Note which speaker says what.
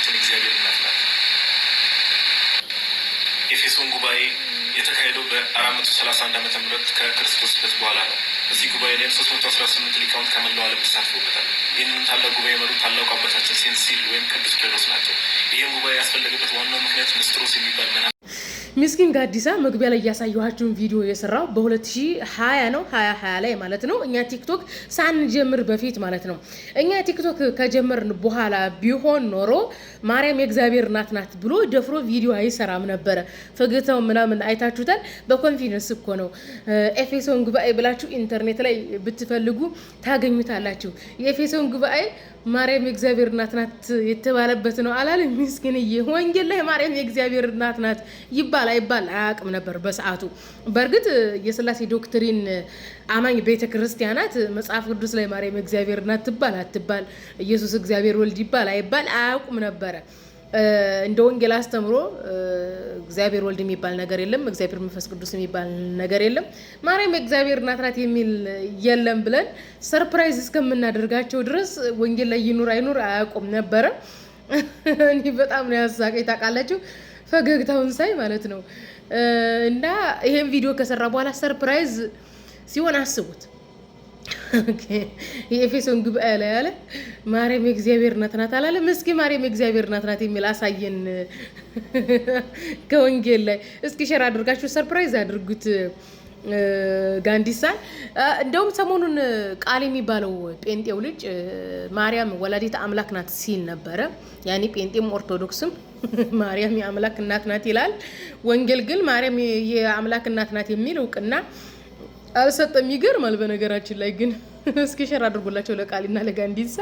Speaker 1: እናታችን እግዚአብሔር እናት ናት። ኤፌሶን ጉባኤ የተካሄደው በአራት መቶ ሰላሳ አንድ ዓመተ ምህረት ከክርስቶስ ልደት በኋላ ነው። እዚህ ጉባኤ ላይም ሶስት መቶ አስራ ስምንት ሊቃውንት ከመላው ዓለም ተሳትፎበታል። ይህንን ታላቅ ጉባኤ መሩ ታላቁ አባታችን ሴንት ሲል ወይም ቅዱስ ቄሮስ ናቸው። ይህም ጉባኤ ያስፈለገበት ዋናው ምክንያት ምስጥሮስ የሚባል መና ምስኪን ጋዲሳ መግቢያ ላይ ያሳየኋችሁን ቪዲዮ የሰራው በ2020 ነው 2020 ላይ ማለት ነው። እኛ ቲክቶክ ሳንጀምር በፊት ማለት ነው። እኛ ቲክቶክ ከጀመርን በኋላ ቢሆን ኖሮ ማርያም የእግዚአብሔር ናት ናት ብሎ ደፍሮ ቪዲዮ አይሰራም ነበረ። ፈገግታው ምናምን አይታችሁታል። በኮንፊደንስ እኮ ነው። ኤፌሶን ጉባኤ ብላችሁ ኢንተርኔት ላይ ብትፈልጉ ታገኙታላችሁ። የኤፌሶን ጉባኤ ማርያም የእግዚአብሔር እናት ናት የተባለበት ነው አላለም? ምስኪንዬ ወንጌል ላይ ማርያም የእግዚአብሔር እናት ናት ይባል አይባል አያውቅም ነበር በሰዓቱ። በእርግጥ የስላሴ ዶክትሪን አማኝ ቤተ ክርስቲያናት መጽሐፍ ቅዱስ ላይ ማርያም የእግዚአብሔር እናት ትባል አትባል፣ ኢየሱስ እግዚአብሔር ወልድ ይባል አይባል አያውቁም ነበረ። እንደ ወንጌል አስተምሮ እግዚአብሔር ወልድ የሚባል ነገር የለም፣ እግዚአብሔር መንፈስ ቅዱስ የሚባል ነገር የለም፣ ማርያም የእግዚአብሔር እናት ናት የሚል የለም ብለን ሰርፕራይዝ እስከምናደርጋቸው ድረስ ወንጌል ላይ ይኑር አይኑር አያውቁም ነበረ። እኔ በጣም ነው ያሳቀኝ ታውቃላችሁ፣ ፈገግታውን ሳይ ማለት ነው። እና ይሄን ቪዲዮ ከሰራ በኋላ ሰርፕራይዝ ሲሆን አስቡት የኤፌሶን ጉባኤ ላይ አለ ማርያም የእግዚአብሔር ናት ናት አላለም? እስኪ ማርያም የእግዚአብሔር ናት ናት የሚል አሳየን ከወንጌል ላይ እስኪ ሸር አድርጋችሁ ሰርፕራይዝ አድርጉት። ጋንዲሳ እንደውም ሰሞኑን ቃል የሚባለው ጴንጤው ልጅ ማርያም ወላዲት አምላክ ናት ሲል ነበረ። ያኔ ጴንጤም ኦርቶዶክስም ማርያም የአምላክ እናት ናት ይላል። ወንጌል ግን ማርያም የአምላክ እናት ናት የሚል እውቅና አልሰጠም። ይገርማል። በነገራችን ላይ ግን እስኪ ሸር አድርጎላቸው ለቃሊና ለጋንዲሳ